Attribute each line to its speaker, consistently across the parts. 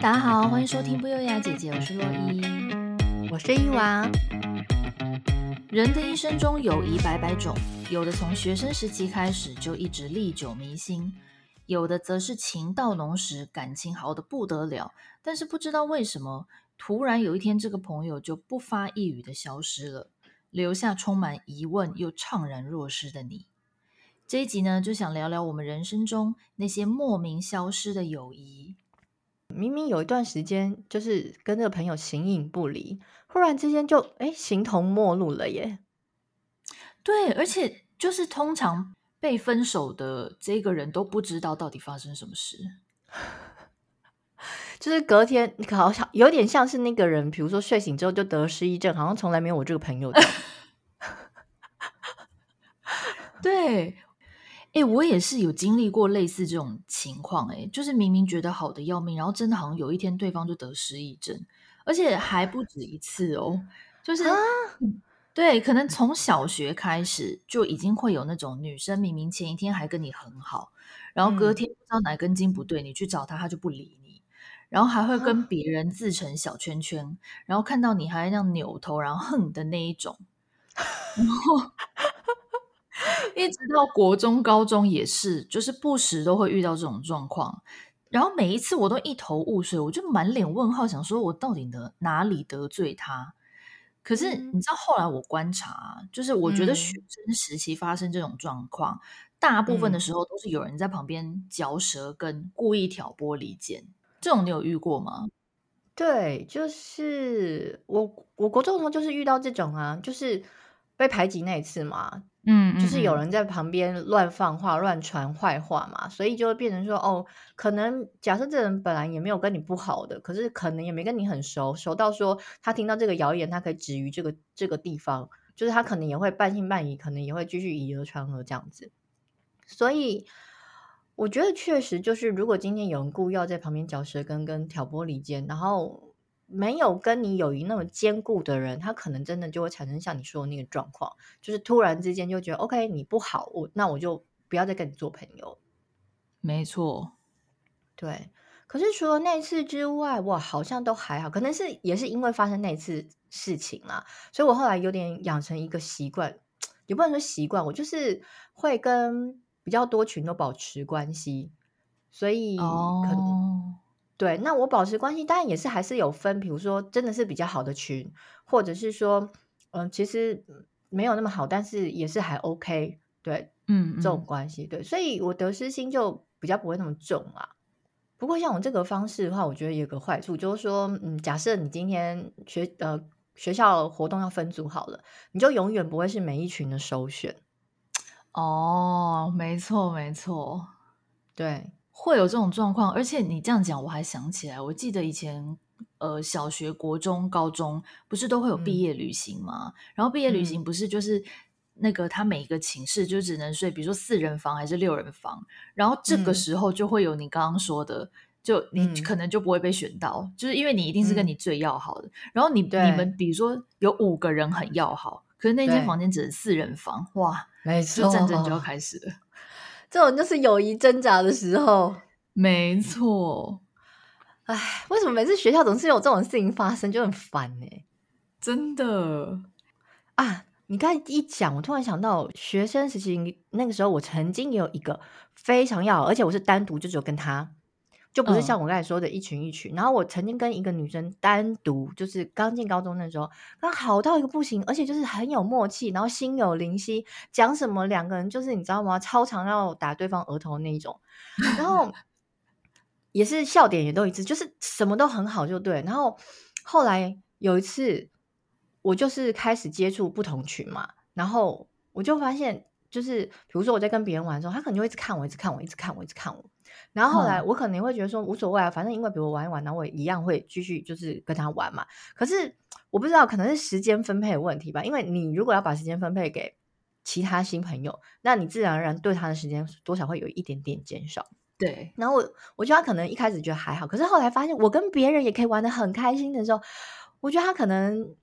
Speaker 1: 大家好，歡迎收聽不優雅姐姐，我是洛伊，我是玉娃。人的一生中，友誼百百種，有的從學生時期開始就一直歷久彌新，有的則是情到濃時，感情好得不得了。但是不知道為什麼，突然有一天，這個朋友就不發一語的消失了，留下充滿疑問又悵然若失的你。這一集呢，就想聊聊我們人生中那些莫名消失的友誼。明明有一段時間就是跟這個朋友形影不離，忽然之間就誒形同陌路了耶。對，而且就是通常被分手的這一個人都不知道到底發生什麼事，
Speaker 2: 就是隔天好像有點像是那個人，比如說睡醒之後就得
Speaker 1: 了失憶症，好像從來沒有我這個朋友的。 對。欸、我也是有經歷過類似這種情況，欸，誒，就是明明覺得好的要命，然後真的好像有一天對方就得失憶症，而且還不止一次哦。就是，啊、對，可能從小學開始就已經會有那種女生，明明前一天還跟你很好，然後隔天不知道哪根筋不對，你去找她，她就不理你，然後還會跟別人自成小圈圈，啊、然後看到你還那樣扭頭，然後恨的那一種，然後。 一直到國中、高中也是，就是不時都會遇到這種狀況，然後每一次我都一頭霧水，我就滿臉問號，想說我到底得哪裡得罪他？可是你知道後來我觀察、啊，嗯、就是我覺得學生時期發生這種狀況，嗯、大部分的時候都是有人在旁邊嚼舌根，故意挑撥離間，嗯、這種你有遇過嗎？
Speaker 2: 對，就是我，我國中的時候就是遇到這種啊，就是被排擠那一次嘛。
Speaker 1: 嗯，嗯，嗯，就是有人
Speaker 2: 在旁邊亂放話、亂傳壞話嘛，所以就會變成說，哦，可能假設這人本來也沒有跟你不好的，可是可能也沒跟你很熟，熟到說他聽到這個謠言，他可以止於這個這個地方，就是他可能也會半信半疑，可能也會繼續以訛傳訛這樣子。所以我覺得確實就是，如果今天有人故意要在旁邊嚼舌根、跟挑撥離間，然後。沒有跟你友誼那麼堅固的人，他可能真的就會產生像你說的那個狀況，就是突然之間就覺得 OK 你不好，我那我就不要再跟你做朋友。沒錯，對。可是除了那次之外，我好像都還好。可能是也是因為發生那次事情啦，所以我後來有點養成一個習慣，也不能說習慣，我就是會跟比較多群都保持關係，所以可能、哦。對，那我保持關係當然也是還是有分，比如說真的是比較好的群，或者是說，嗯、呃，其實沒有那麼好，但是也是還 OK，對，嗯，嗯，
Speaker 1: 這種
Speaker 2: 關係，對，所以我得失心就比較不會那麼重啊。不過像我這個方式的話，我覺得有個壞處就是說，嗯，假設你今天學呃學校活動要分組好了，你就永遠不會是每一群的首選。
Speaker 1: 哦，沒錯沒錯，對。會有這種狀況，而且你這樣講，我還想起來，我記得以前，呃，小學、國中、高中不是都會有畢業旅行嘛？嗯、然後畢業旅行不是就是那個，他每一個寢室就只能睡，比如說四人房還是六人房，然後這個時候就會有你剛剛說的，嗯、就你可能就不會被選到，嗯、就是因為你一定是跟你最要好的，嗯、然後你對你們比如說有五個人很要好，可是那間房間只是四人房，對哇，沒錯、哦，就戰爭就要開始了。
Speaker 2: 這種就是友誼掙扎的時候，沒錯。唉，為什麼每次學校總是有這種事情發生，就很煩呢？真的啊！你剛才一講，我突然想到學生時期那個時候，我曾經也有一個非常要，而且我是單獨就只有跟他。就不是像我剛才說的一群一群，嗯、然後我曾經跟一個女生單獨，就是剛進高中那時候，剛好到一個不行，而且就是很有默契，然後心有靈犀，講什麼兩個人就是你知道嗎？超常要打對方額頭那一種，然後 也是笑點也都一致，就是什麼都很好就對。然後後來有一次，我就是開始接觸不同群嘛，然後我就發現，就是比如說我在跟別人玩的時候，他可能就會一直看我，一直看我，一直看我，一直看我。然後後來，我可能會覺得說無所謂啊，嗯、反正因為比如我玩一玩，然後我也一樣會繼續就是跟他玩嘛。可是我不知道，可能是時間分配問題吧。因為你如果要把時間分配給其他新朋友，那你自然而然對他的時間多少會有一點點減少。對。然後我我覺得他可能一開始覺得還好，可是後來發現我跟別人也可以玩得很開心的時候，我覺得他可能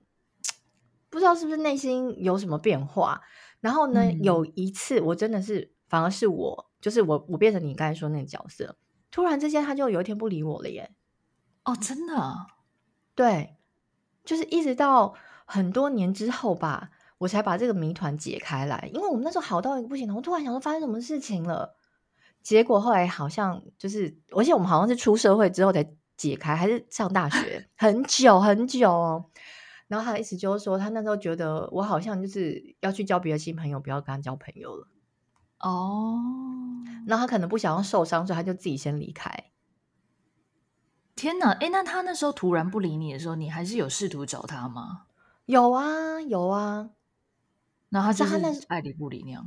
Speaker 2: 不知道是不是內心有什麼變化。然後呢，嗯、有一次我真的是反而是我。就是我，我變成你剛才說的那個角色，突然之間他就有一天不理我了耶！哦，真的，對，就是一直到很多年之後吧，我才把這個謎團解開來。因為我們那時候好到一個不行，然後我突然想到發生什麼事情了。結果後來好像就是，而且我們好像是出社會之後才解開，還是上大學很久 很久。哦，然後他的意思就是說，他那時候覺得我好像就是要去交別的新朋友，不要跟他交朋友了。
Speaker 1: 哦，那，oh. 他可能不想要受傷，所以他就自己先離開。天吶，誒，那他那時候突然不理你的時候，你還是有試圖找他嗎？
Speaker 2: 有啊，有啊。那他就是
Speaker 1: 愛理不理那樣？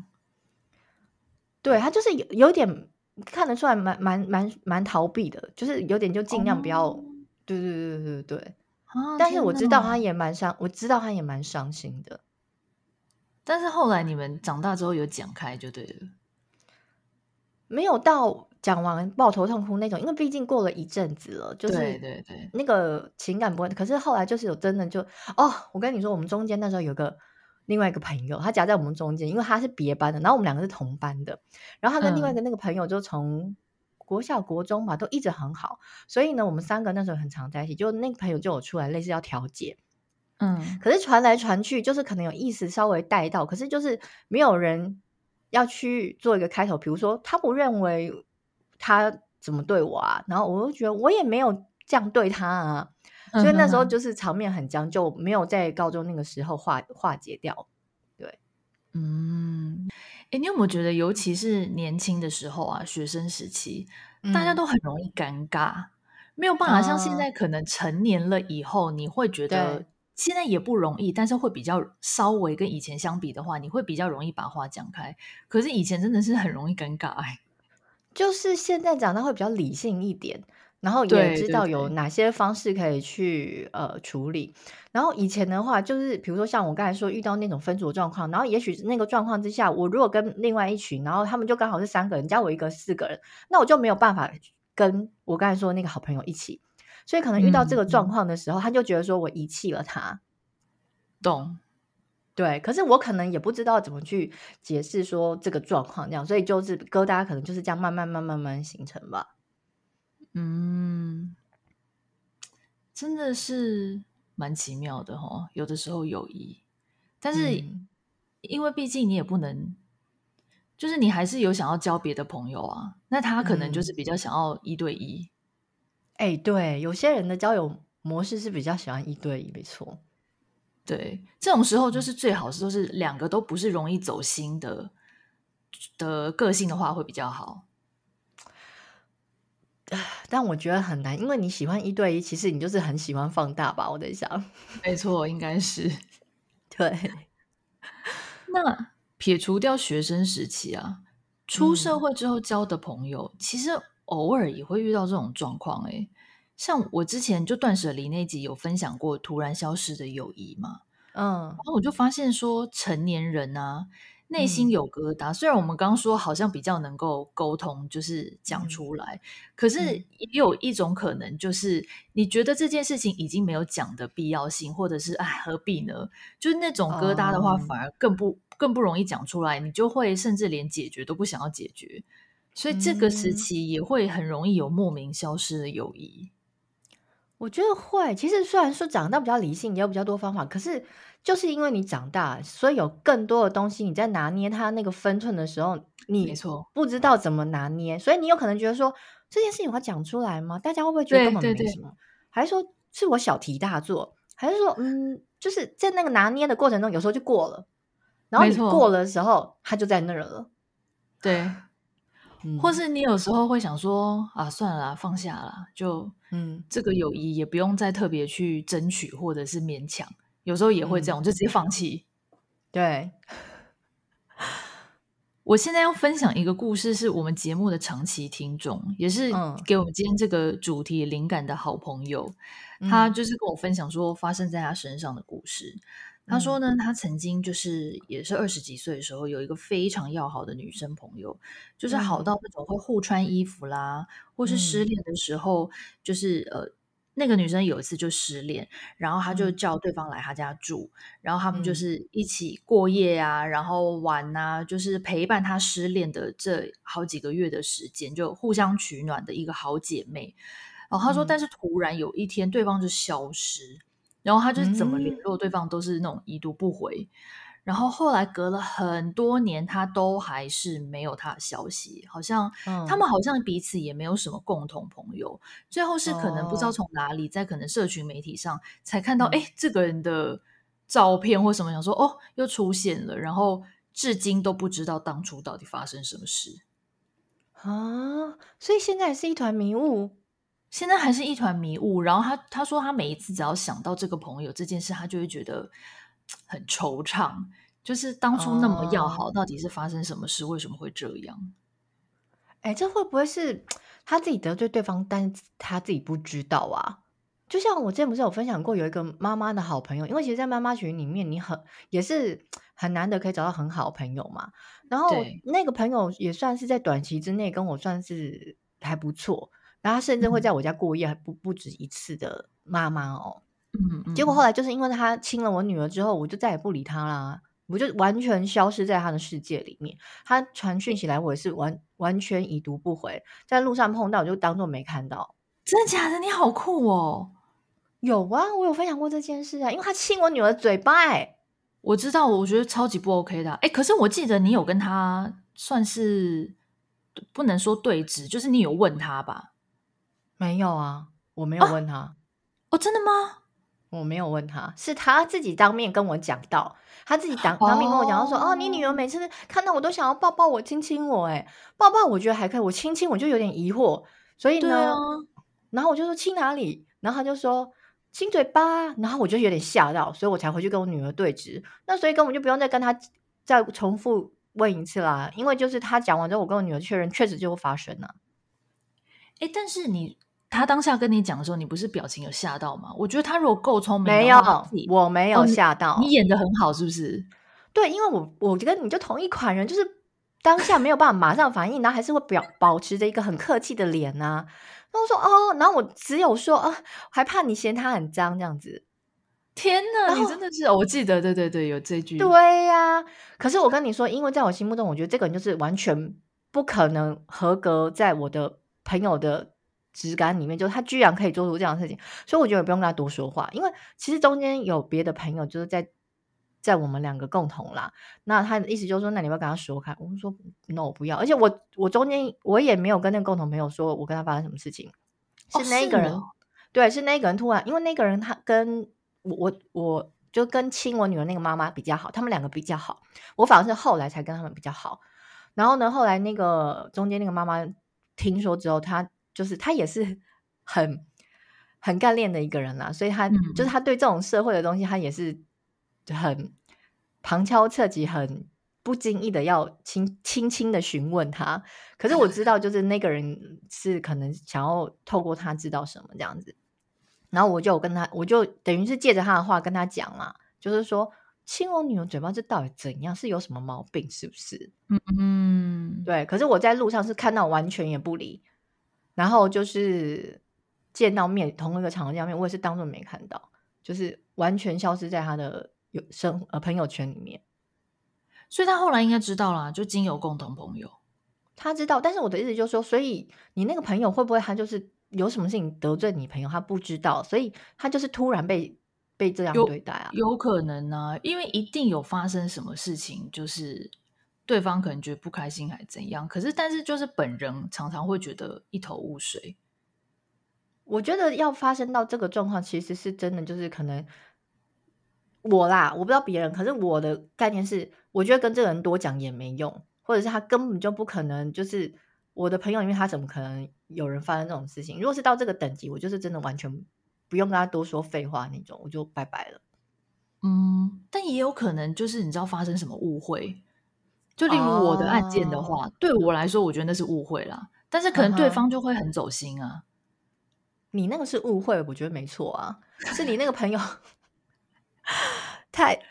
Speaker 2: 對，他就是有有點看得出來蠻，蠻蠻蠻蠻逃避的，就是有點就盡量不要。Oh. 對對對對對對。啊、但是我知道他
Speaker 1: 也蠻傷，哪我知道他
Speaker 2: 也蠻傷，我知道他也蠻傷心的。但是後來你們長大之後有講開就
Speaker 1: 對了，
Speaker 2: 沒有到講完抱頭痛哭那種，因為畢竟過了一陣子了，就是那個情感不會。對對對，可是後來就是有真的就哦，我跟你說，我們中間那時候有個另外一個朋友，他夾在我們中間，因為他是別班的，然後我們兩個是同班的，然後他跟另外一個那個朋友就從國小國中嘛、嗯、都一直很好，所以呢，我們三個那時候很常在一起，就那個朋友就有出來類似要調解。嗯，可是傳來傳去就是可能有意思稍微帶到，可是就是沒有人要去做一個開頭。比如說他不認為他怎麼對我啊，然後我又覺得我也沒有這樣對他啊，嗯、哼哼，所以那時候就是場面很僵，就沒有在高中那個時候化化解掉。
Speaker 1: 對，嗯，哎、欸，你有沒有覺得，尤其是年輕的時候啊，學生時期，嗯、大家都很容易尷尬，沒有辦法、嗯、像現在可能成年了以後，你會覺得。現在也不容易，但是會比較稍微跟以前相比的話，你會比較容易把話講開。可是以前真的是很容易尷尬哎，就是現
Speaker 2: 在講他會比較理性一點，然後也知道有哪些方式可以去對對對呃處理。然後以前的話，就是比如說像我剛才說遇到那種分組狀況，然後也許那個狀況之下，我如果跟另外一群，然後他們就剛好是三個人加我一個四個人，那我就沒有辦法跟我剛才說的那個好朋友一起。所以可能遇到這個狀況的時候，嗯嗯、他就覺得說我遺棄了他，懂，對。可是我可能也不知道怎麼去解釋說這個狀況這樣，所以就是疙瘩可能就是這樣慢慢、慢，慢、慢慢形成吧。嗯，
Speaker 1: 真的是蠻奇妙的哦。有的時候友誼，但是、嗯、因為畢竟你也不能，就是你還是有想要交別的朋友啊。那他可能就是比較想要一對一。哎、欸，對，有些人的交友模式是比較喜歡一對一，沒錯。對，這種時候就是最好是都是兩個都不是容易走心的的個性的話會比較好。但我覺
Speaker 2: 得很難，因為你喜歡一對一，其實你就是很喜歡放大吧？我在想，沒錯，應該
Speaker 1: 是 對。那撇除掉學生時期啊，出社會之後交的朋友，嗯、其實。偶爾也會遇到這種狀況、欸，誒像我之前就斷舍離那集有分享過突然消失的友誼嘛，嗯，然後我就發現說，成年人啊內心有疙瘩，嗯、雖然我們剛剛說好像比較能夠溝通，就是講出來，嗯、可是也有一種可能，就是你覺得這件事情已經沒有講的必要性，或者是哎、啊、何必呢？就是那種疙瘩的話，反而更不、嗯、更不容易講出來，你就會甚至連解決都不想要解決。所以這個時期也會很容易有莫名消失的友誼。嗯，我覺得會。其實雖然說長大比較理性，也有比較多方法，可
Speaker 2: 是就是因為你長大，所以有更多的東西你在拿捏他那個分寸的時候，你沒錯，不知道怎麼拿捏，沒錯。所以你有可能覺得說這件事情我要講出來嗎？大家會不會覺得根本沒什麼？對對對，還是說是我小題大做？還是說嗯，就是在那個拿捏的過程中，有時候就過
Speaker 1: 了，然後你過了
Speaker 2: 的時候，沒錯。他就在那兒了，
Speaker 1: 對。或是你有時候會想說啊，算了啦，放下了，就嗯，這個友誼也不用再特別去爭取，或者是勉強，有時候也會這樣，嗯、就直接放棄。對，我現在要分享一個故事，是我們節目的長期聽眾，也是給我們今天這個主題靈感的好朋友，他就是跟我分享說，發生在他身上的故事。他說呢，他曾經就是也是二十幾歲的時候，有一個非常要好的女生朋友，就是好到那種會互穿衣服啦，嗯、或是失戀的時候，就是呃，那個女生有一次就失戀，然後他就叫對方來他家住，嗯、然後他們就是一起過夜啊，嗯、然後玩啊，就是陪伴她失戀的這好幾個月的時間，就互相取暖的一個好姐妹。然後他說，但是突然有一天，對方就消失。然後他就怎麼聯絡對方都是那種已讀不回，嗯、然後後來隔了很多年，他都還是沒有他的消息，好像他們好像彼此也沒有什麼共同朋友。嗯、最後是可能不知道從哪裡，在可能社群媒體上才看到，哎、哦，這個人的照片或什麼，想說哦又出現了，然後至今都不知道當初到底發生什麼事啊，所以現在是一團迷霧。現在還是一團迷霧。然後他他說他每一次只要想到這個朋友這件事，他就會覺得很惆悵。就是當初那麼要好，嗯、到底是發生什麼事？為什麼會這樣？誒、欸、這會不會是他自己得罪對方，但是
Speaker 2: 他自己不知道啊？就像我之前不是有分享過，有一個媽媽的好朋友，因為其實，在媽媽群裡面，你很也是很難得可以找到很好朋友嘛。然後那個朋友也算是在短期之內跟我算是還不錯。然後他甚至會在我家過夜，還不、嗯、不止一次的媽媽哦，嗯，結果後來就是因為他親了我女兒之後，我就再也不理他啦，我就完全消失在他的世界裡面。他傳訊起來，我也是完完全已讀不回，在路上碰到我就當作沒看到。
Speaker 1: 真的假的？你好酷哦！有啊，我有分享過這件事啊，因為他親我女兒嘴巴、欸，哎，我知道，我覺得超級不 OK 的、啊。誒可是我記得你有跟他算是不能說對質，就是你有問他吧？沒
Speaker 2: 有啊，我沒有問他。
Speaker 1: 我、啊 oh，真的嗎？我沒有問他，是他自己當
Speaker 2: 面跟我講到，他自己當當面跟我講，他說：“ oh. 哦，你女兒每次看到我都想要抱抱我，親親我。”哎，抱抱我覺得還可以，我親親我就有點疑惑，所以呢，啊、然後我就說親哪裡，然後他就說親嘴巴，然後我就有點嚇到，所以我才回去跟我女兒對峙。那所以根本就不用再跟他再重複問一次啦，因為就是
Speaker 1: 他講完之後，我跟我女兒確認，確實就發生了。哎，但是你。他當下跟你講的時候，你不是表情有嚇到嗎？我覺得他如果夠聰明，沒有，我沒有嚇到。哦，你演得很好，是不是？對，因為我我覺得你就同一款人，就是當
Speaker 2: 下沒有辦法馬上反應， 然後還是會表保持着一個很客氣的臉啊。那我說哦，然後我只有說啊，還怕你嫌他很髒這樣子。天吶哪，後你真的是，我記得，對對對，有這句。對呀、啊，可是我跟你說，因為在我心目中，我覺得這個人就是完全不可能合格，在我的朋友的。直感裡面，就他居然可以做出這樣的事情，所以我覺得不用跟他多說話，因為其實中間有別的朋友，就是在在我們兩個共同啦。那他的意思就是說，那你要跟他說開？我說，no，我不要。而且我我中間我也沒有跟那個共同朋友說我跟他發生什麼事情，
Speaker 1: 哦、是那個人，
Speaker 2: 呢對，是那個人突然，因為那個人他跟我我我就跟親我女兒那個媽媽比較好，他們兩個比較好，我反而是後來才跟他們比較好。然後呢，後來那個中間那個媽媽聽說之後，他。就是他也是很很幹練的一個人啦，所以他、嗯、就是他對這種社會的東西，他也是很旁敲側擊，很不經意的要輕輕輕的詢問他。可是我知道，就是那個人是可能想要透過他知道什麼這樣子。 然後我就跟他，我就等於是借着他的話跟他講嘛，就是說青龍女的嘴巴這到底怎樣，是有什麼毛病，是不是？
Speaker 1: 嗯
Speaker 2: 嗯，對。可是我在路上是看到完全也不理。然後就是見到面，同一個場合見面，我也是當做沒看到，就是完全消失在他的友生呃朋友圈裡面，
Speaker 1: 所以他後來應該知道啦、啊，就經由共同朋友，
Speaker 2: 他知道。但是我的意思就是說，所以你那個朋友會不會他就是有什麼事情
Speaker 1: 得罪你朋友，他不知道，所以他就是突然被被這樣對待啊？有，有可能啊，因為一定有發生什麼事情，就是。對方可能覺得不開心還怎樣，可是但是就是本人常常會覺得一頭霧水。我覺得要發生到這個狀況，其實是真的，就是可能我
Speaker 2: 啦，我不知道別人，可是我的概念是，我覺得跟這個人多講也沒用，或者是他根本就不可能，就是我的朋友，因為他怎麼可能有人發生這種事情？如果是到這個等
Speaker 1: 級，我就是真的完全不用跟他多說廢話那種，我就拜拜了。嗯，但也有可能就是你知道發生什麼誤會。
Speaker 2: 就例如我的案件的話
Speaker 1: ，oh, 對我來說，我覺得那是誤會啦。Uh-huh,
Speaker 2: 但是可能對方
Speaker 1: 就會很走心啊。你那個是誤會，我覺得沒錯啊。
Speaker 2: 是你那個朋友 太，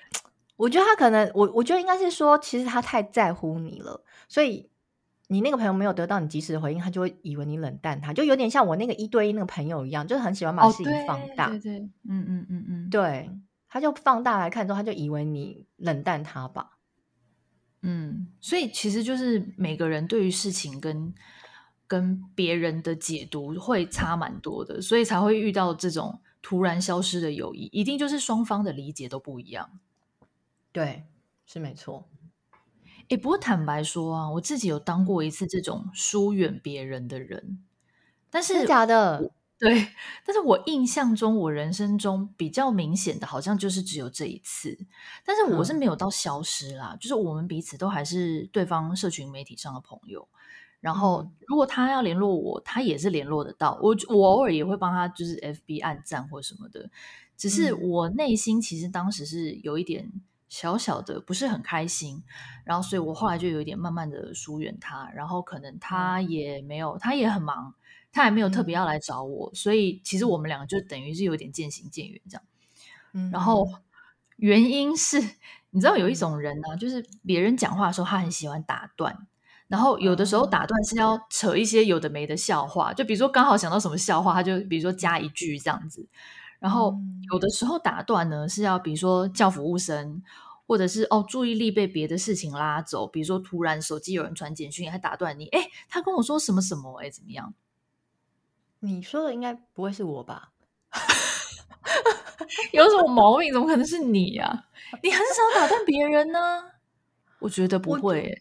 Speaker 2: 我覺得他可能我我覺得應該是說，其實他太在乎你了，所以你那個朋友沒有得到你及時的回應，他就會以為你冷淡他，就有點像我那個一對一那個朋友一樣，就是很喜歡把事情放大。Oh, 對，對，對，嗯嗯嗯嗯，嗯，對，他就放大來看
Speaker 1: 之後，他就以為你冷淡他吧。嗯，所以其實就是每個人對於事情跟跟別人的解讀會差蠻多的，所以才會遇到這種突然消失的友誼，一定就是雙方的理解都不一樣。對，是沒錯。誒，不過坦白說啊，我自己有當過一次這種疏遠別人的人，但是假的。對，但是我印象中，我人生中比較明顯的，好像就是只有這一次。但是我是沒有到消失啦，嗯、就是我們彼此都還是對方社群媒體上的朋友。然後，如果他要聯絡我，他也是聯絡得到。我我偶爾也會幫他，就是 FB 按讚或什麼的。只是我內心其實當時是有一點小小的不是很開心。然後，所以我後來就有一點慢慢的疏遠他。然後，可能他也沒有，嗯、他也很忙。他也沒有特別要來找我，嗯、所以其實我們兩個就等於是有點漸行漸遠這樣。嗯、然後原因是你知道有一種人呢、啊，嗯、就是別人講話的時候，他很喜歡打斷，然後有的時候打斷是要扯一些有的沒的笑話，嗯、就比如說剛好想到什麼笑話，他就比如說加一句這樣子。然後有的時候打斷呢是要比如說叫服務生，或者是哦注意力被別的事情拉走，比如說突然手機有人傳簡訊，他打斷你，欸，他跟我說什麼什麼、欸，怎麼樣？你說的應該不會是我吧？ 有什麼毛病？怎麼可能是你啊？ 你很少打斷別人呢、啊。我覺得不會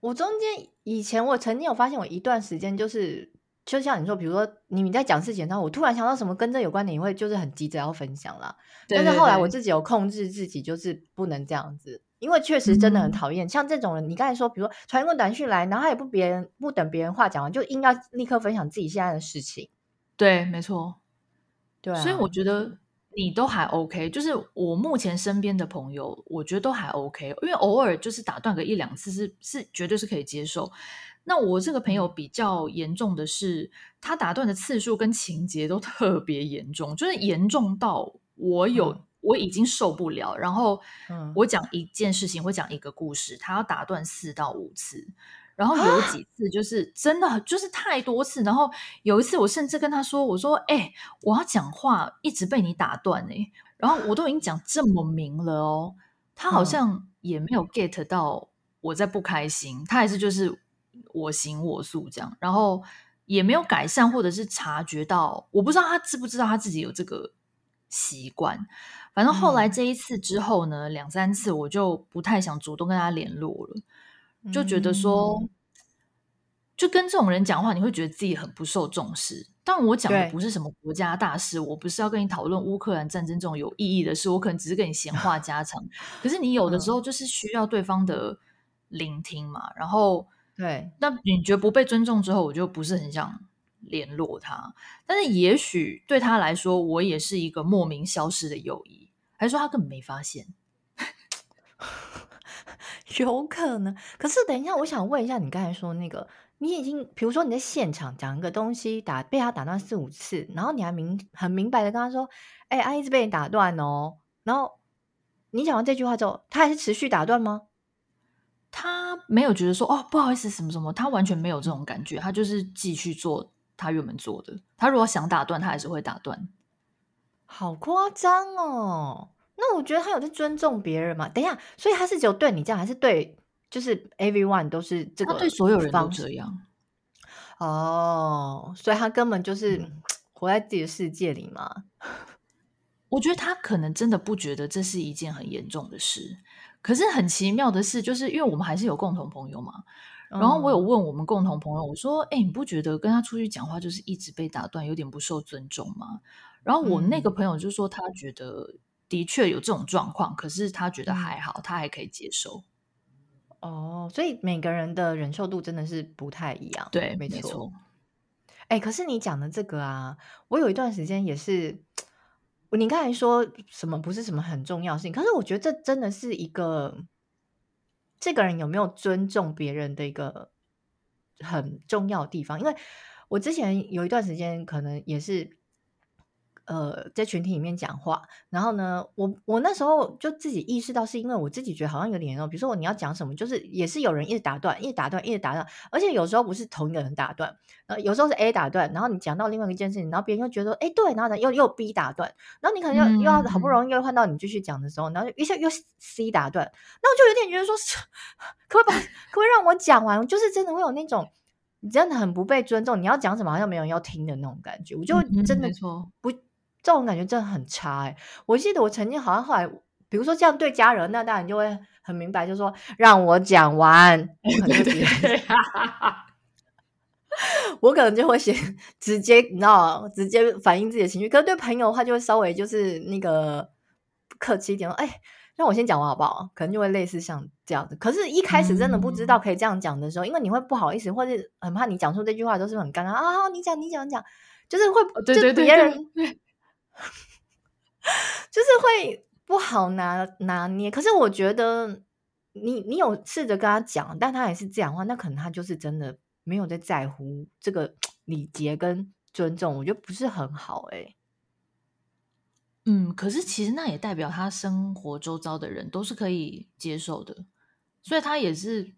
Speaker 1: 我。我中
Speaker 2: 間以前我曾經有發現，我一段時間就是，就像你說，比如說你們在講事情，然後我突然想到什麼跟這有關的，你會就是很急着要分享啦。對對對。但是後來我自己有控制自己，就是不能這樣子。因為確實真的很討厭，嗯、像這種人，你剛才說，比如說傳一個短訊來，然後他也不別人不等別人話講完，就硬要立刻分享自己現在的事情。
Speaker 1: 對，沒錯。對、啊，所以我覺得你都還 OK，就是我目前身邊的朋友，我覺得都還 OK，因為偶爾就是打斷個一兩次是，是是絕對是可以接受。那我這個朋友比較嚴重的是，他打斷的次數跟情節都特別嚴重，就是嚴重到我有、嗯。我已經受不了。然後，我講一件事情，嗯、我講一個故事，他要打斷四到五次，然後有幾次就是蛤真的就是太多次。然後有一次，我甚至跟他說：“我說，哎、欸，我要講話，一直被你打斷、欸。”然後我都已經講這麼明了哦，他好像也沒有 get 到我在不開心，嗯、他還是就是我行我素這樣，然後也沒有改善，或者是察覺到，我不知道他知不知道他自己有這個習慣。反正後來這一次之後呢，嗯、兩三次我就不太想主動跟他聯絡了，
Speaker 2: 就覺得
Speaker 1: 說，嗯、就跟這種人講話，你會覺得自己很不受重視。但我講的不是什麼國家大事，對我不是要跟你討論烏克蘭戰爭這種有意義的事，我可能只是跟你閒話家常。 可是你有的時候就是需要對方的聆聽嘛，然後對，那你覺得不被尊重之後，我就不是很想聯絡他。但是也許對他來說，我也是一個莫名消失的友誼。還說他根本沒發現，
Speaker 2: 有可能。可是等一下，我想問一下，你剛才說那個，你已經，比如說你在現場講一個東西，打被他打斷四五次，然後你還明很明白的跟他說：“誒阿姨，這被你打斷哦。”然後你講完這句話之後，他還是持續打斷嗎？
Speaker 1: 他沒有覺得說“哦，不好意思，什麼什麼”，他完全沒有這種感覺，他就是繼續做他原本做的。他如果想打斷，他還是會打斷。
Speaker 2: 好誇張哦！那我覺得他有在尊重別人嗎？等一下，所以他是只有對你這樣，還是對就是 everyone 都是這個他對所有人都這樣？哦，oh, 所以他根本就是、嗯、活
Speaker 1: 在自己的世界裡嘛。我覺得他可能真的不覺得這是一件很嚴重的事。可是很奇妙的是，就是因為我們還是有共同朋友嘛。然後我有問我們共同朋友，嗯、我說：“哎、欸，你不覺得跟他出去講話就是一直被打斷，有點不受尊重嗎？”然後我那個朋友就說，他覺得的確有這種狀況，嗯、可是他覺得還好，他還可以接受。哦，所以每個人的忍
Speaker 2: 受度真的是不太一樣，對，沒錯。沒錯。哎、欸，可是你講的這個啊，我有一段時間也是，你剛才說什麼不是什麼很重要性，可是我覺得這真的是一個，這個人有沒有尊重別人的一個很重要的地方，因為我之前有一段時間可能也是。呃，在群體裡面講話，然後呢，我我那時候就自己意識到，是因為我自己覺得好像有點嚴重。比如說，我你要講什麼，就是也是有人一直打斷，一直打斷，一直打斷。而且有時候不是同一個人打斷，呃，有時候是 A 打斷，然後你講到另外一件事情，然後別人又覺得哎，欸、對，然後呢又又 B 打斷，然後你可能又、嗯、又要好不容易又換到你繼續講的時候，然後一下又 C 打斷，那我就有點覺得說，可不可以把可不可以讓我講完？就是真的會有那種真的很不被尊重，你要講什麼好像沒有人要聽的那種感覺。我就真的不。嗯嗯這種感覺真的很差、欸、我記得我曾經好像後來，比如說這樣對家人，那當然就會很明白，就是說讓我講完， 我可能就會寫直接，你知道直接反映自己的情緒。可是對朋友的話，就會稍微就是那個客氣一點。哎、欸，讓我先講完好不好？可能就會類似像這樣子。可是，一開始真的不知道可以這樣講的時候，嗯、因為你會不好意思，或者很怕你講出這句話都是很尷尬啊！你講，你講，講，就是會對別人。對對對對。 就是會不好拿拿捏，可是我覺得你你有試着跟他講，但他也是這樣的話，那可能他就是真的沒有在在乎這個禮節跟尊重，我覺得不是很
Speaker 1: 好誒、欸。嗯，可是其實那也代表他生活周遭的人都是可以接受的，所以他也是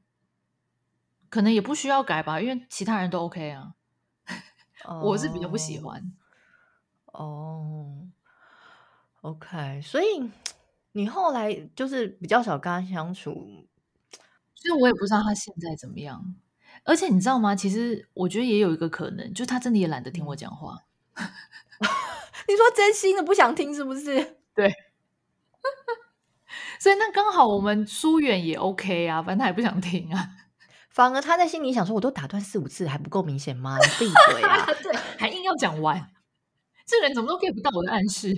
Speaker 1: 可能也不需要改吧，因為其他人都 OK 啊。 我是比較不喜歡。
Speaker 2: 哦、oh,，OK，所以你後來
Speaker 1: 就是比較少跟他相處，所以我也不知道他現在怎麼樣。而且你知道嗎？其實我覺得也有一個可能，就是他真的也懶得聽我講話。嗯、 你說真心的不想聽是不是？對。所以那剛好我們疏遠也 OK 啊，反正他也不想聽啊。反而他
Speaker 2: 在心裡想說：“我都打斷四五次，還不夠明顯嗎？你
Speaker 1: 閉嘴啊！” 對，還硬要講完。這人怎麼都 get 不到我的暗示？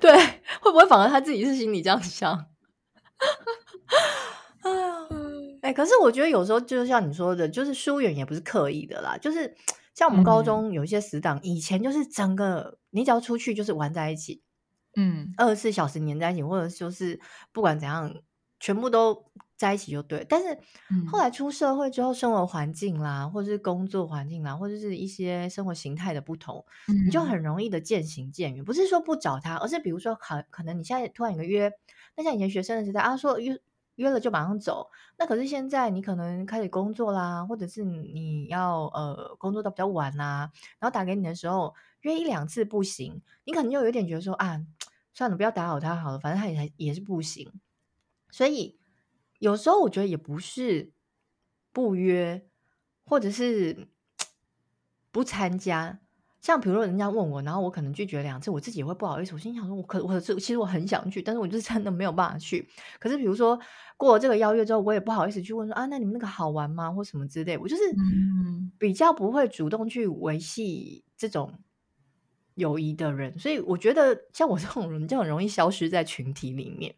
Speaker 2: 對，會不會反而他自己是心裡這樣想？哎呀，哎，可是我覺得有時候就像你說的，就是疏遠也不是刻意的啦。就是像我們高中有一些死黨，嗯、以前就是整個你只要出去就是玩在一起，嗯，二十四小時黏在一起，或者就是不管怎樣，全部都，在一起就對，但是後來出社會之後，生活環境啦，嗯、或者是工作環境啦，或者是一些生活形態的不同，嗯、你就很容易的漸行漸遠。不是說不找他，而是比如說，可可能你現在突然有個約，那像以前學生的時代啊，說約約了就馬上走，那可是現在你可能開始工作啦，或者是你要呃工作到比較晚啦、啊，然後打給你的時候約一兩次不行，你可能就有點覺得說啊，算了，不要打擾他好了，反正他也也是不行，所以。有時候我覺得也不是不約，或者是不參加。像比如說人家問我，然後我可能拒絕兩次，我自己也會不好意思。我心想說我可，我可我是其實我很想去，但是我就是真的沒有辦法去。可是比如說過了這個邀約之後，我也不好意思去問說啊，那你們那個好玩嗎？或什麼之類。我就是比較不會主動去維繫這種
Speaker 1: 友誼的人，所以我覺得像我這種人就很容易消失在群體裡面。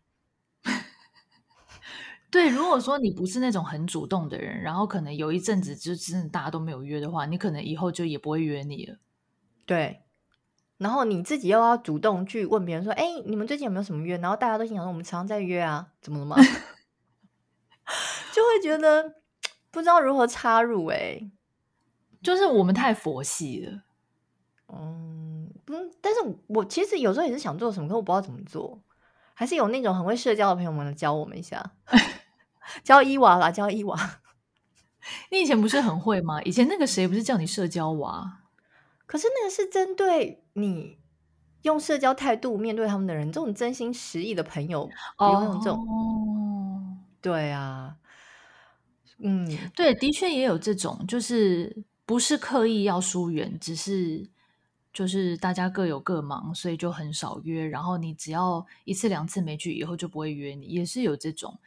Speaker 1: 對，如果說你不是那種很主動的人，然後可能有一陣子就真的大家都沒有約的話，你可能以後就也不會約你了。對，然後你自己又要主動去問別人說：“哎，你們最近有沒有什麼約？”然後大家都想說：“我們常常在約啊，怎麼了嗎？”
Speaker 2: 就會覺得不知道如何插入欸。
Speaker 1: 哎，就是我們太佛系了。
Speaker 2: 嗯嗯，但是我其實有時候也是想做什麼，可是我不知道怎麼做，還是有那種很會社交的朋友們教我們一下。 教伊娃啦，教伊娃。 你以
Speaker 1: 前不是很會嗎？以前那個
Speaker 2: 誰不是叫你社交娃？可是那個是針對你用社交態度面對他們的人，這種真心實意的朋友哦，這種。
Speaker 1: Oh. 對啊，嗯，對，的確也有這種，就是不是刻意要疏遠，只是就是大家各有各忙，所以就很少約。然後你只要一次兩次沒去，以後就不會約你，也是有這種。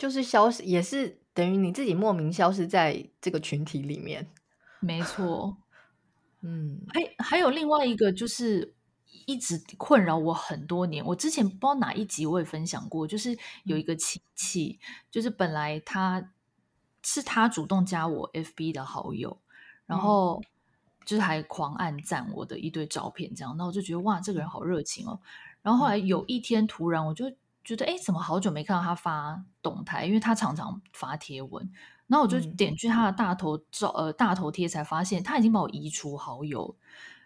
Speaker 1: 就是消失，也是等於你自己莫名消失
Speaker 2: 在這個群體裡面。沒錯，嗯，還
Speaker 1: 還有另外一個，就是一直困擾我很多年。我之前不知道哪一集我也分享過，就是有一個親戚，就是本來他是他主動加我 FB 的好友，然後就是還狂按讚我的一堆照片，這樣，那我就覺得，哇，這個人好熱情哦。然後後來有一天，突然我就。覺得誒怎麼好久沒看到他發動態？因為他常常發貼文，然後我就點去他的大頭照，嗯、呃，大頭貼才發現他已經把我移除好友，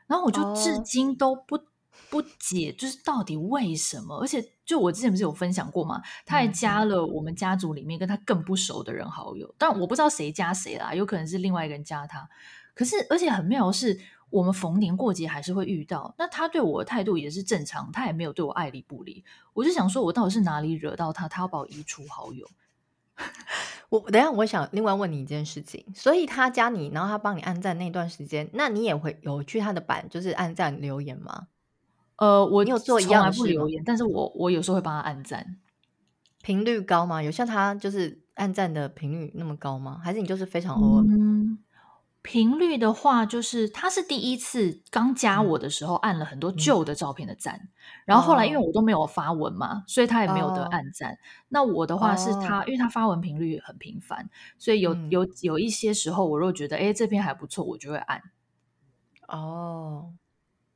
Speaker 1: 然後我就至今都不，哦，不解，就是到底為什麼？而且就我之前不是有分享過嘛，他還加了我們家族裡面跟他更不熟的人好友，但我不知道誰加誰啦，有可能是另外一個人加他，可是而且很妙的是，我們逢年過節還是會遇到，那他對我的態度也是正常，他也沒有對我愛理不理。我就想說，我到底是哪裡惹到他，他要把我移除好友？ 我等一下，我想另外問你一件
Speaker 2: 事情。所以他加你，然後他幫你按讚那段時間，那你也會有去他的版就是按讚留言嗎？
Speaker 1: 呃，我有做一樣的留言，但是我我有時候會幫他按讚。
Speaker 2: 頻率高嗎？有像他就是按讚的頻率那麼高嗎？還是你就是
Speaker 1: 非常偶爾嗯頻率的話，就是他是第一次剛加我的時候按了很多舊的照片的贊，嗯、然後後來因為我都沒有發文嘛，嗯、所以他也沒有得按贊。哦、那我的話是他，哦、因為他發文頻率很頻繁，所以有、嗯、有有一些時候，我若覺得哎、欸、這篇還不錯，我就會按。哦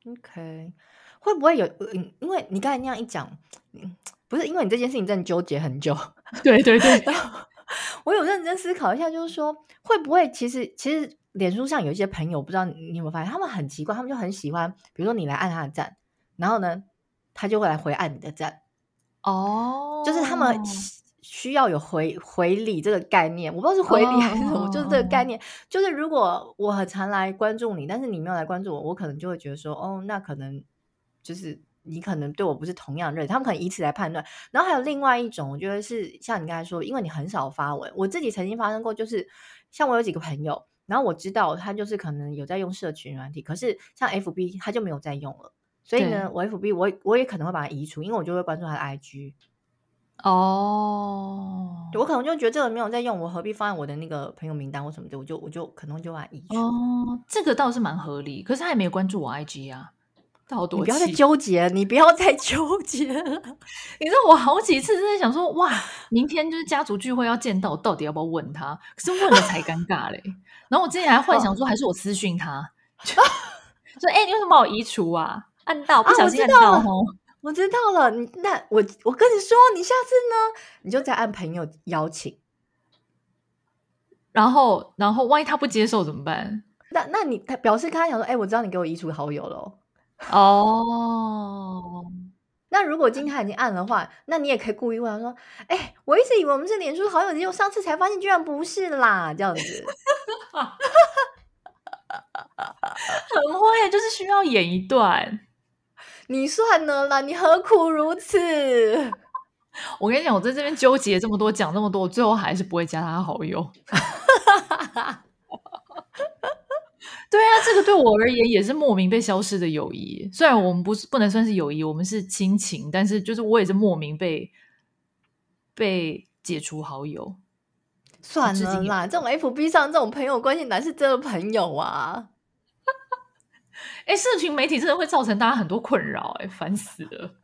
Speaker 1: ，OK，
Speaker 2: 會不會有？嗯，因為你剛才那樣一講、嗯，不是因為你這件事情真的糾結很久。對對對， 我有認真思考一下，就是說會不會其實其實。臉書上有一些朋友，不知道你，你有沒有發現，他們很奇怪，他們就很喜歡，比如說你來按他的讚，然後呢，他就會來回按你的讚。哦，oh. 就是他們需要有回回禮這個概念，我不知道是回禮還是什麼，oh. 就是這個概念。就是如果我很常來關注你，但是你沒有來關注我，我可能就會覺得說，哦，那可能就是你可能對我不是同樣熱情，他們可能以此來判斷。然後還有另外一種，我覺得是像你剛才說，因為你很少發文，我自己曾經發生過，就是像我有幾個朋友。然後我知道他就是可能有在用社群軟體，可是像 FB 他就沒有在用了，所以呢，對我 FB 我我也可能會把它移除，因為我就會關注他的 IG 哦。
Speaker 1: Oh.
Speaker 2: 我可能就覺得這個沒有在用，我何必放在我的那個朋友名
Speaker 1: 單或什麼的？我就我就可能就把它移除。哦，oh, 這個倒是蠻合理。可是他也沒有關注我 IG 啊，到好多。你不要再糾結，你不要再糾結。 你知道我好幾次真的想說，哇，明天就是家族聚會要見到，到底要不要問他？可是問了才尷尬嘞。 然後我之前還幻想說，還是我私訊他，說：“哎、欸，你為什麼把我移除啊？按到、啊、不小心按到哦，
Speaker 2: 我知道了。你那我我跟你說，你下次呢，你就再按朋友邀請。然後，然後萬一他不接受怎麼辦？那那你他表示他想說，哎、欸，我知道你給我移除好友了，哦。”那如果今天還已經按的話，那你也可以故意問他說：“哎、欸，我一直以為我們是臉書好友，結果上次才發現居然不是啦。”這樣子，
Speaker 1: 很會，就是需要演一段。你算了啦，你何苦如此？ 我跟你講，我在這邊糾結這麼多，講這麼多，我最後還是不會加他好友。 對啊，這個對我而言也是莫名被消失的友誼。雖然我們不是不能算是友誼，我們是親情，但是就是我也是莫名被被解除好友。算了啦，這種 FB 上這種朋友關係，哪是真的朋友啊？哎、 欸，社群媒體真的會造成大家很多困擾、欸，哎，煩死了！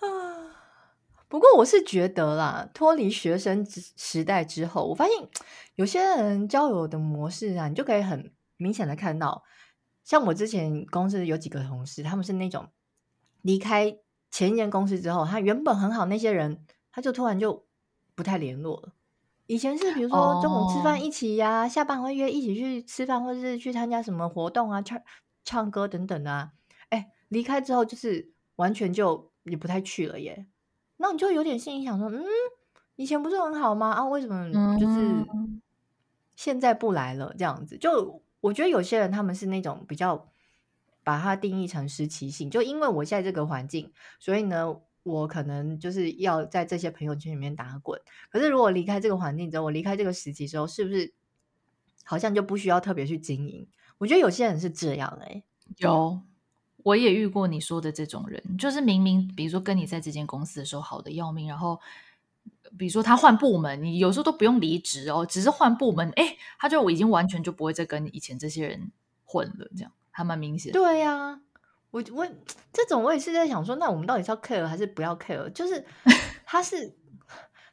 Speaker 1: 啊
Speaker 2: 不過我是覺得啦，脫離學生時代之後，我發現有些人交友的模式啊，你就可以很明顯的看到，像我之前公司有幾個同事，他們是那種離開前一間公司之後，他原本很好那些人，他就突然就不太聯絡了。以前是比如說中午吃飯一起呀，啊，oh. 下班會約一起去吃飯，或者是去參加什麼活動啊、唱唱歌等等啊，哎，離開之後就是完全就也不太去了耶。那你就有點心想說，嗯，以前不是很好嗎？啊，為什麼就是現在不來了？這樣子，就我覺得有些人他們是那種比較把它定義成時期性，就因為我現在這個環境，所以呢，我可能就是要在這些朋友圈裡面打滾。可是如果離開這個環境之
Speaker 1: 後，我離開這個時期之後，是不是好像就不需要特別去經營？我覺得有些人是這樣，欸，哎，有。我也遇過你說的這種人，就是明明比如說跟你在這間公司的時候好的要命，然後比如說他換部門，你有時候都不用離職哦，只是換部門，誒他就我已經完全就不會再跟以前這些人混了，這樣還蠻明顯的。對
Speaker 2: 呀、啊，我我這種我也是在想說，那我們到底是要 care 還是不要 care？就是他是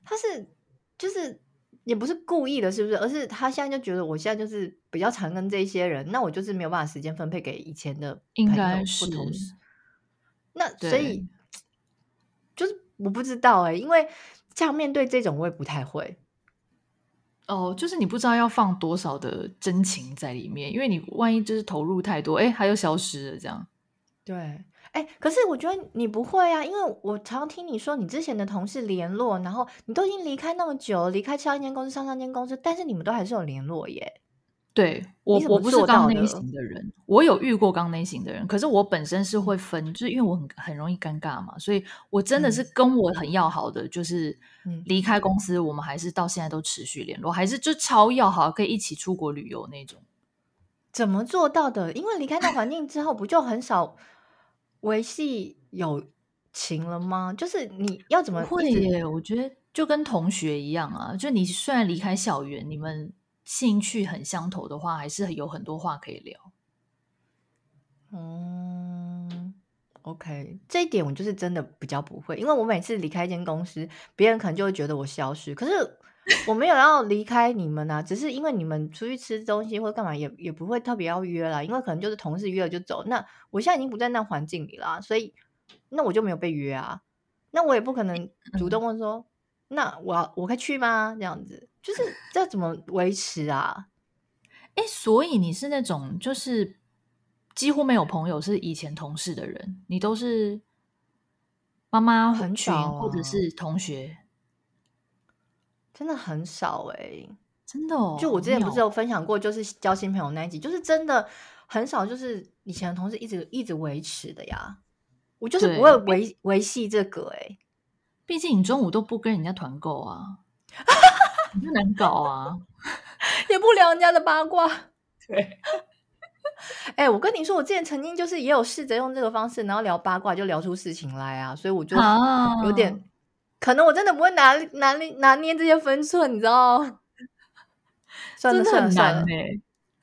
Speaker 2: 他是，他是就是。也不是故意的，是不是？而是他現在就覺得我現在就是比較常跟這些人，那我就是沒有辦法時間分配給以前的朋友應該是。那所以
Speaker 1: 對就是我不知道誒、欸、因為這樣面對這種我也不太會。哦，就是你不知道要放多少的真情在裡面，因為你萬一就是投入太多，哎，他又消失了，這樣。
Speaker 2: 對。哎、欸，可是我覺得你不會啊，因為我常聽你說你之前的同事聯絡，然後你都已經離開那麼久，離開上一間公司、上上間公司，但是你們都還是有聯絡耶。
Speaker 1: 對，我我不是剛內型的人，我有遇過剛內型的人，可是我本身是會分，就是因為我很很容易尷尬嘛，所以我真的是跟我很要好的，嗯、就是離開公司，我們還是到現在都持續聯絡，嗯、還是就超要好，可以一起出國旅遊那種。怎麼做到的？
Speaker 2: 因為離開那環境之後，不就很少。 維繫友情
Speaker 1: 了嗎？就是你要怎麼會耶？我覺得就跟同學一樣啊，就你雖然離開校園，你們興趣很相投的話，還是有很多話可以聊。嗯
Speaker 2: ，OK，這一點我就是真的比較不會，因為我每次離開一間公司，別人可能就會覺得我消失，可是。 我沒有要離開你們啊，只是因為你們出去吃東西或幹嘛也也不會特別要約了，因為可能就是同事約了就走。那我現在已經不在那環境裡了，啊，所以那我就沒有被約啊。那我也不可能主動問說，嗯、那我我該去嗎？這樣子
Speaker 1: 就是這怎麼維持啊？哎、欸，所以你是那種就是幾乎沒有朋友是以前同事的人，你都是媽媽群很、啊、或者是同學。真的很少
Speaker 2: 哎、欸，真的哦。就我之前不是有分享過，就是交新朋友那一集，妙就是真的很少，就是以前的同事一直一直維持的呀。我就是不會維對維繫
Speaker 1: 這個哎、欸，畢竟你中午都不跟人家團購啊， 你就難搞啊，
Speaker 2: 也不聊人家的八卦。 對，哎、 欸，我跟你說，我之前曾經就是也有試着用這個方式，然後聊八卦，就聊出事情來啊，所以我就有點。啊可能我真的不會拿拿捏拿捏這些分寸，你知道， 算了真的很難了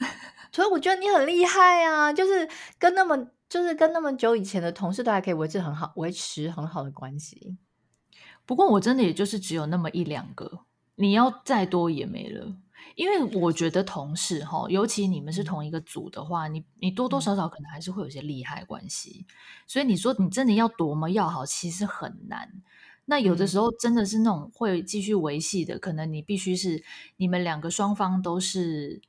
Speaker 2: 所以我覺得你很厲害啊，就是跟那麼就是跟那麼久以前的同事都還可以維持很好維持很好
Speaker 1: 的關係。不過我真的也就是只有那麼一兩個，你要再多也沒了。因為我覺得同事哈，尤其你們是同一個組的話，你你多多少少可能還是會有些利害關係。嗯、所以你說你真的要多麼要好，其實很難。那有的時候真的是那種會繼續維繫的，嗯、可能你必須是你們兩個雙方都是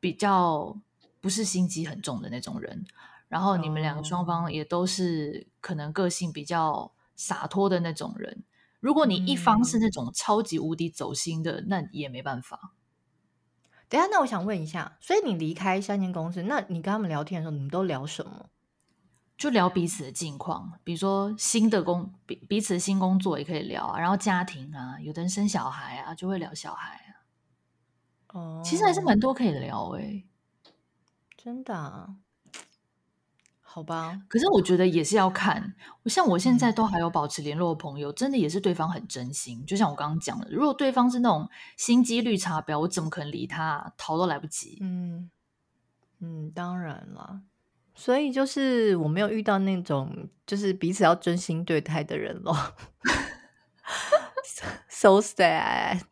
Speaker 1: 比較不是心機很重的那種人，然後你們兩個雙方也都是可能個性比較灑脫的那種人。如果你一方是那種超級無敵走心的，嗯、那也沒辦法。等一下，那我想問一下，所以你離開三間公司，那你跟他們聊天的時候，你們都聊什麼？就聊彼此的近況，比如說新的工彼彼此的新工作也可以聊啊，然後家庭啊，有的人生小孩啊，就會聊小孩啊。哦，oh, 其實還是蠻多可以聊哎、欸，真的、啊？好吧，可是我覺得也是要看，oh. 我像我現在都還有保持聯絡的朋友，Okay. 真的也是對方很真心。就像我剛剛講的，如果對方是那種心機綠茶婊，我怎麼可能理他、啊？逃都來不及。嗯嗯，當然
Speaker 2: 了。所以就是我沒有遇到那種就是彼此要真心對待的人咯。 so sad。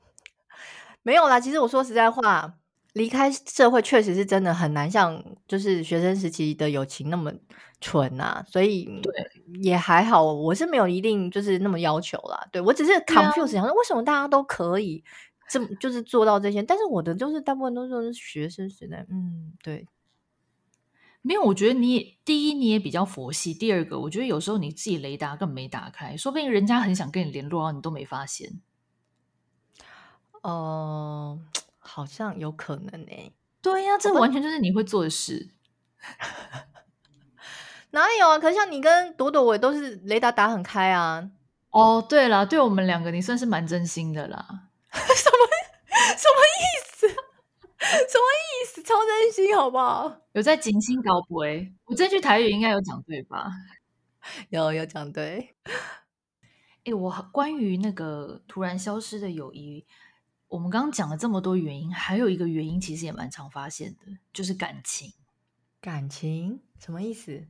Speaker 2: 沒有啦，其實我說實在話，離開社會確實是真的很難，像就是學生時期的友情那麼純啊。所以對也還好，我是沒有一定就是那麼要求啦，對我只是 confuse 想說為什麼大家都可以這麼就是做到這些，但是我的就是大部分都是學生時代，嗯，對。
Speaker 1: 沒有，我覺得你第一你也比較佛系，第二個我覺得有時候你自己雷達根本沒打開，說不定人家很想跟你聯絡，然後你都沒發現。哦、呃，
Speaker 2: 好像有可能呢、
Speaker 1: 欸，對呀、啊，這完全就是你會做的事。哪裡有啊？可是像你跟朵朵，我都是雷達打很開啊。哦，對了，對我們兩個你算是蠻真心的啦。 什
Speaker 2: 麼什麼意思？什麼意思？超真心，好不好？
Speaker 1: 有在精心搞鬼。我這句台語應該有講對吧？有有講對。欸，我關於那個突然消失的友誼，我們剛剛講了這麼多原因，還有一個原因其實也蠻常發現的，就是感情。感情？什麼意思？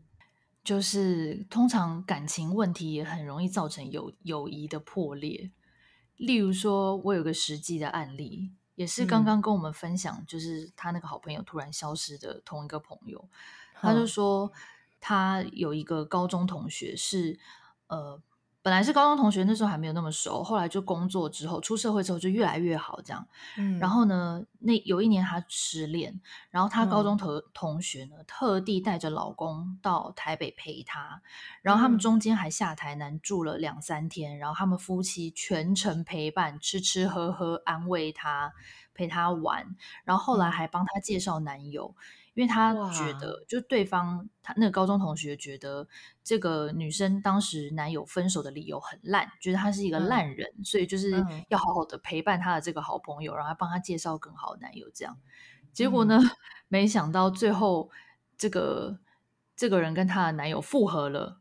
Speaker 1: 就是通常感情問題也很容易造成友友誼的破裂。例如說，我有個實際的案例。也是剛剛跟我們分享，就是他那個好朋友突然消失的同一個朋友，嗯、他就說他有一個高中同學是，呃。本來是高中同學，那時候還沒有那麼熟，後來就工作之後，出社會之後就越來越好這樣。嗯，然後呢，那有一年她失戀，然後她高中同同學呢，嗯、特地帶着老公到台北陪她，然後他們中間還下台南住了兩三天，嗯、然後他們夫妻全程陪伴，吃吃喝喝，安慰她，陪她玩，然後後來還幫她介紹男友。嗯嗯因為他覺得，就對方他那個高中同學覺得這個女生當時男友分手的理由很爛，覺得他是一個爛人，嗯，所以就是要好好的陪伴她的這個好朋友，然後幫她介紹更好的男友。這樣結果呢，嗯，沒想到最後這個這個人跟她的男友復合了，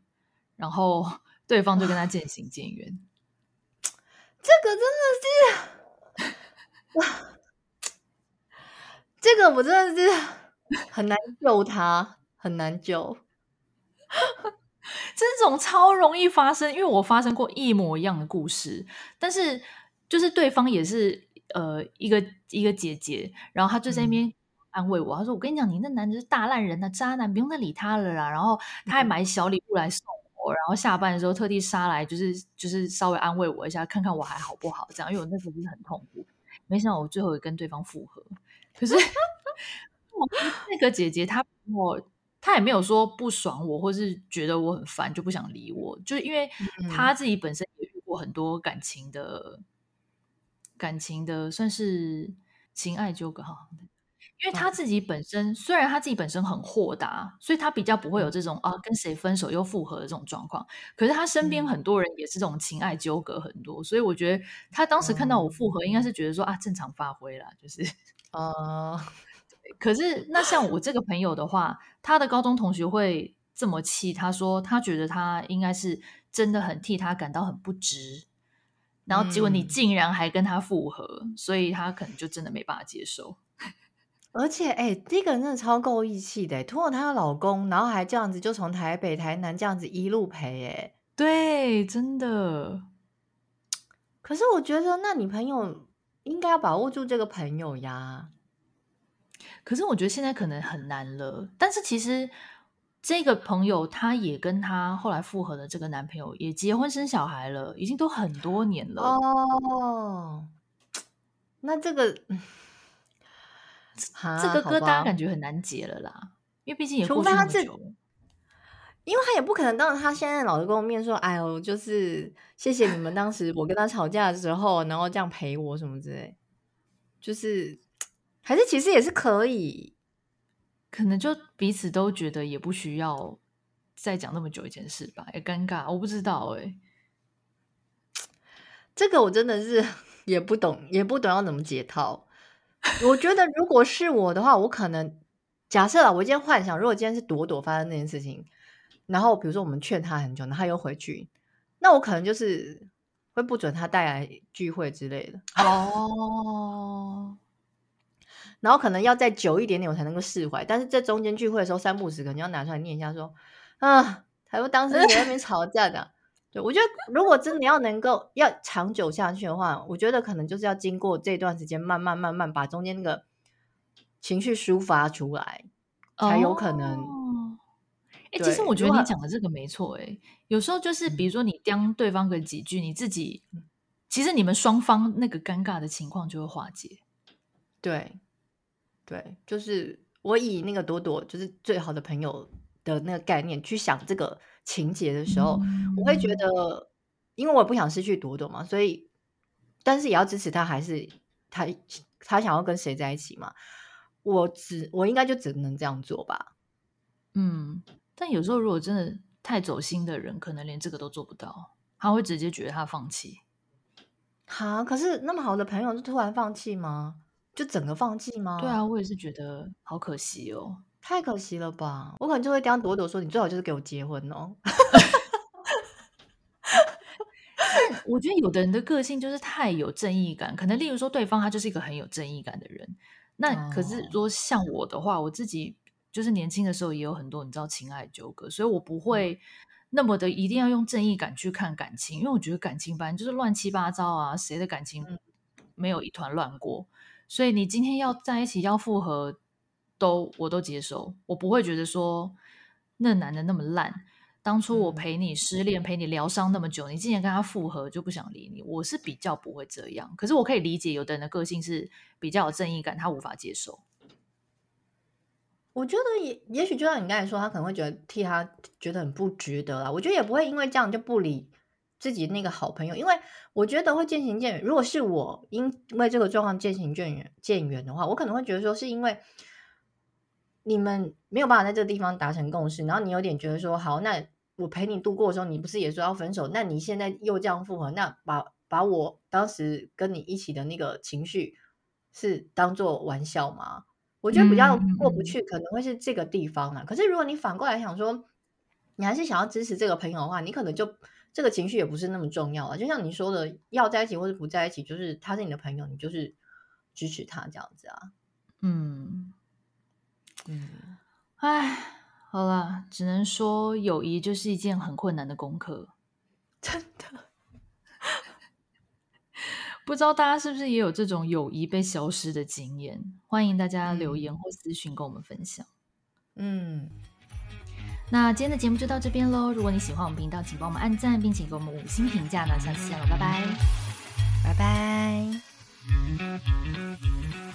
Speaker 1: 然後對方就跟她漸行漸遠。這個真的是哇，
Speaker 2: 這個我真的是。很難救
Speaker 1: 他，很難救。這種超容易發生，因為我發生過一模一樣的故事。但是，就是對方也是呃一個一個姐姐，然後她就在那邊安慰我，嗯、她說：“我跟你講，你那男的是大爛人的渣男，不用再理他了啦。”然後他還買小禮物來送我，嗯、然後下班的時候特地殺來，就是就是稍微安慰我一下，看看我還好不好。這樣，因為我那時候就是很痛苦。沒想到我最後也跟對方復合，可是。 那個姐姐她我她也沒有說不爽我，或是覺得我很煩就不想理我，就是因為她自己本身也遇過很多感情的、嗯、感情的，算是情愛糾葛哈、嗯。因為她自己本身、嗯、雖然她自己本身很豁達，所以她比較不會有這種、嗯、啊跟誰分手又復合的這種狀況。可是她身邊很多人也是這種情愛糾葛很多，所以我覺得她當時看到我復合，應該是覺得說、嗯、啊正常發揮啦，就是、嗯、呃。可是，那像我這個朋友的話，他的高中同學會這麼氣，他說他覺得他應該是真的很替他感到很不值，然後結果你竟然還跟他復合，嗯、所以他可能就真的沒辦法接受。
Speaker 2: 而且、欸，第一個人真的超夠義氣的，拖了她的老公，然後還這樣子就從台北、台南這樣子一路陪，誒對，真的。可是我覺得，那你朋友應該要把
Speaker 1: 握住這個朋友呀。可是我覺得現在可能很難了，但是其實這個朋友她也跟她後來復合的這個男朋友也結婚生小孩了，已經都很多年了
Speaker 2: 哦。那這個這個疙瘩感覺很
Speaker 1: 難解了啦，啊、因為畢竟也過這麼久，除非他
Speaker 2: 這麼因為他也不可能當著他現在老公的面說，哎呦，就是謝謝你們當時我跟他吵架的時候， 然後這樣陪我什麼之類，
Speaker 1: 就是。還是其實也是可以，可能就彼此都覺得也不需要再講那麼久一件事吧，也尷尬，我不知道哎、欸。這個我真的是也不懂，也不懂要怎麼
Speaker 2: 解套。 我覺得如果是我的話，我可能假設啊，我今天幻想，如果今天是朵朵發生那件事情，然後比如說我們勸他很久，然後他又回去，那我可能就是會不准他帶來聚會之類的。哦。 然後可能要再久一點點，我才能夠釋懷。但是在中間聚會的時候，三不五時肯定要拿出來念一下，說：“啊，還有當時在那邊吵架的、啊。” 對，我覺得如果真的要能夠要長久下去的話，我覺得可能就是要經過這段時間，慢慢慢慢把中間那個情緒抒發出來，
Speaker 1: 哦、才有可能。哎、欸，對其實我覺得你講的這個沒錯、欸。哎、嗯，有時候就是比如說你將對方個幾句，你自己、嗯、其實你們雙方那個尷尬的情況就會化解。
Speaker 2: 對。對，就是我以那個朵朵就是最好的朋友的那個概念去想這個情節的時候，我會覺得，因為我不想失去朵朵嘛，所以，但是也要支持他，還是他他想要跟誰在一起嘛，我只我應該就只能這樣做吧。
Speaker 1: 嗯，但有時候如果真的太走心的人，可能連這個都做不到，他會直接覺得他放棄。
Speaker 2: 哈，可是那麼好的朋友就突然放棄嗎？就整個放棄嗎？對啊，我也是覺得好可惜哦，太可惜了
Speaker 1: 吧！我可能就會這樣躲躲說：“你最好就是給我結婚哦。”我覺得有的人的個性就是太有正義感，可能例如說對方他就是一個很有正義感的人。那可是如果像我的話，Oh. 我自己就是年輕的時候也有很多你知道情愛糾葛，所以我不會那麼的一定要用正義感去看感情，因為我覺得感情班就是亂七八糟啊，誰的感情沒有一團亂過。所以你今天要在一起要復合，都我都接受，我不會覺得說，那男的那麼爛，當初我陪你失戀、嗯、陪你療傷那麼久，你今天跟他復合就不想理你，我是比較不會這樣。可是我可以理解，有的人的個性是比較有正義感，他無法接受。
Speaker 2: 我覺得也也許就像你剛才說，他可能會覺得替他覺得很不值得啦。我覺得也不會因為這樣就不理，自己的那個好朋友，因為我覺得會漸行漸遠。如果是我因為這個狀況漸行漸遠漸遠的話，我可能會覺得說是因為你們沒有辦法在這個地方達成共識，然後你有點覺得說好，那我陪你度過的時候，你不是也說要分手？那你現在又這樣復合，那把把我當時跟你一起的那個情緒是當做玩笑嗎？我覺得比較過不去，可能會是這個地方啊。嗯，可是如果你反過來想說，你還是想要支持這個朋友的話，你可能就。這個情緒也不是那麼重要啊，就像你說的，要在一起或者不在一起，就是他是你的朋友，你就是
Speaker 1: 支持他這樣子啊。嗯嗯，哎、嗯，好了，只能說友誼就是一件很困難的功課，真的。 不知道大家是不是也有這種友誼被消失的經驗？歡迎大家留言或私訊跟我們分享。嗯。嗯那今天的節目就到這邊嘍。如果你喜歡我們頻道，請幫我們按讚，並且給我們五星評價呢。那下次見嘍，拜拜，拜拜。嗯。